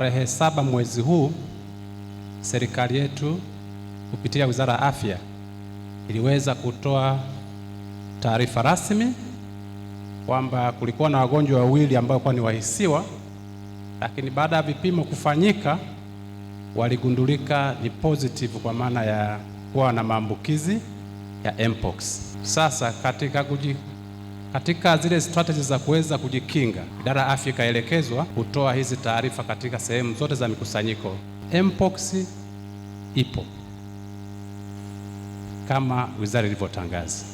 Tarehe saba mwezi huu serikali yetu kupitia Wizara ya Afya iliweza kutoa taarifa rasmi kwamba kulikuwa na wagonjwa wawili ambao kwa ni wahisiwa, lakini baada ya vipimo kufanyika waligundulika ni positive kwa maana ya kuwa na maambukizi ya mpox. Sasa katika kuji katika zile strategy za kuweza kujikinga, idara ya afya ikaelekezwa kutoa hizi taarifa katika sehemu zote za mikusanyiko. Mpox ipo kama wizara ilivyotangaza,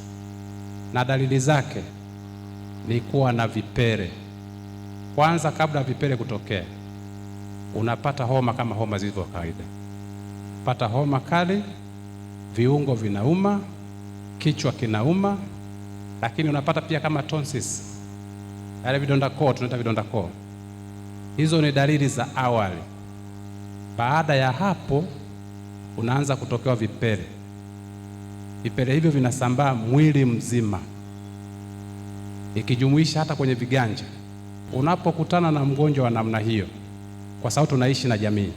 na dalili zake ni kuwa na vipere Kwanza, kabla ya vipere kutokea, unapata homa kama homa zilivyo kawaida, pata homa kali, viungo vinauma, kichwa kinauma lakini unapata pia kama tonsils, yale vidonda koo, tunaita vidonda koo. Hizo ni dalili za awali. Baada ya hapo, unaanza kutokewa vipele. Vipele hivyo vinasambaa mwili mzima, ikijumuisha hata kwenye viganja. Unapokutana na mgonjwa wa namna hiyo, kwa sababu tunaishi na jamii,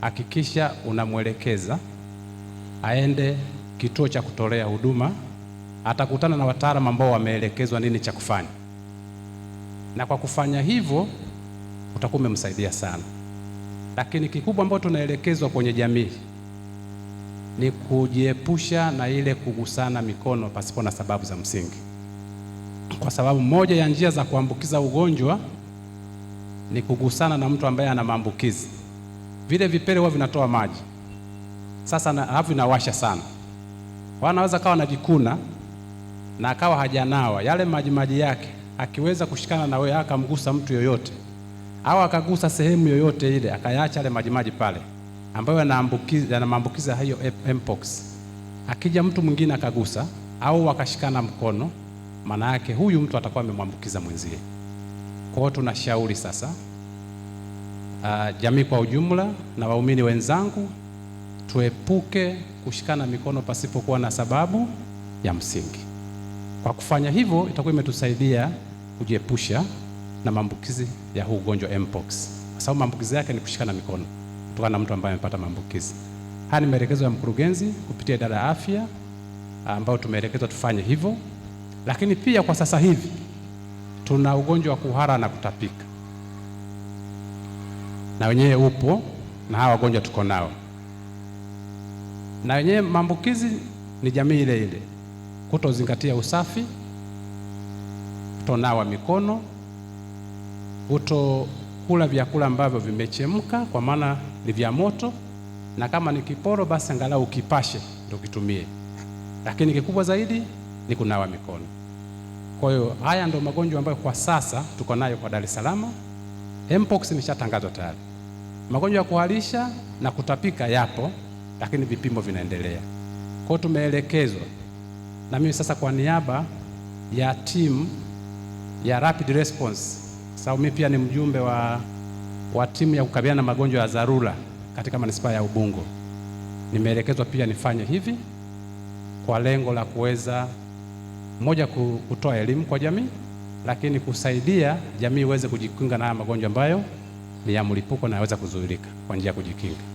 hakikisha unamwelekeza aende kituo cha kutolea huduma atakutana na wataalamu ambao wameelekezwa nini cha kufanya, na kwa kufanya hivyo utakuwa umemsaidia sana. Lakini kikubwa ambacho tunaelekezwa kwenye jamii ni kujiepusha na ile kugusana mikono pasipo na sababu za msingi, kwa sababu moja ya njia za kuambukiza ugonjwa ni kugusana na mtu ambaye ana maambukizi. Vile vipele huwa vinatoa maji, sasa na, alafu sana, wanaweza kawa na jikuna na akawa hajanawa, yale maji maji yake akiweza kushikana na wewe akamgusa mtu yoyote au akagusa sehemu yoyote ile akayaacha yale maji maji pale ambayo yana maambukiza hiyo mpox, akija mtu mwingine akagusa au wakashikana mkono, maana yake huyu mtu atakuwa amemwambukiza mwenzie. Kwa hiyo tunashauri sasa, uh, jamii kwa ujumla na waumini wenzangu tuepuke kushikana mikono pasipokuwa na sababu ya msingi. Kwa kufanya hivyo, itakuwa imetusaidia kujiepusha na maambukizi ya huu ugonjwa mpox, kwa sababu maambukizi yake ni kushikana mikono kutokana na mtu ambaye amepata maambukizi. Haya ni maelekezo ya mkurugenzi kupitia idara ya afya ambayo tumeelekezwa tufanye hivyo, lakini pia kwa sasa hivi tuna ugonjwa wa kuhara na kutapika, na wenyewe upo na hawa wagonjwa tuko nao, na wenyewe maambukizi ni jamii ile ile kutozingatia usafi, kutonawa mikono, kutokula vyakula ambavyo vimechemka kwa maana ni vya moto, na kama ni kiporo basi angalau ukipashe ndio kitumie, lakini kikubwa zaidi ni kunawa mikono. Kwa hiyo haya ndio magonjwa ambayo kwa sasa tuko nayo kwa Dar es Salaam. Mpox imeshatangazwa tayari. Magonjwa ya kuharisha na kutapika yapo, lakini vipimo vinaendelea. Kwa hiyo tumeelekezwa na mimi sasa kwa niaba ya timu ya Rapid Response, sababu mimi pia ni mjumbe wa, wa timu ya kukabiliana na magonjwa ya dharura katika manispaa ya Ubungo, nimeelekezwa pia nifanye hivi kwa lengo la kuweza moja, kutoa elimu kwa jamii, lakini kusaidia jamii iweze kujikinga na haya magonjwa ambayo ni ya mlipuko na yaweza kuzuilika kwa njia ya kujikinga.